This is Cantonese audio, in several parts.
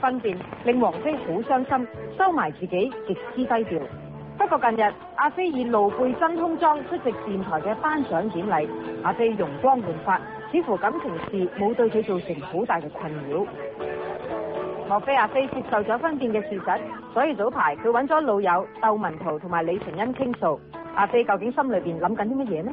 分辨令王菲好傷心，收埋自己極之低調。不過近日阿菲以露背真空裝出席電台嘅頒獎典禮，阿菲容光煥發，似乎感情事冇對佢造成好大嘅困擾。莫非阿菲接受咗分辨嘅事實，所以早排佢揾咗老友竇文濤同埋李純恩傾訴，阿菲究竟心裏邊諗緊啲乜嘢呢？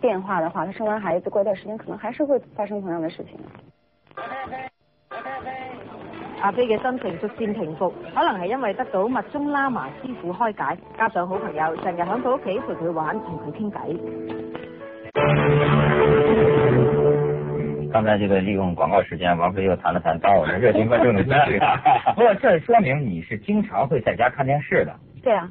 電話的話，她生完孩子過一段時間，可能還是會發生同樣的事情。阿飛嘅心情逐漸平復，可能係因為得到密宗喇嘛師傅開解，加上好朋友成日響到屋企陪佢玩，同佢傾偈。剛才這個利用廣告時間，王菲又談了談，當我們熱情觀眾的心情。 不過這說明你是經常會在家看電視的。對啊。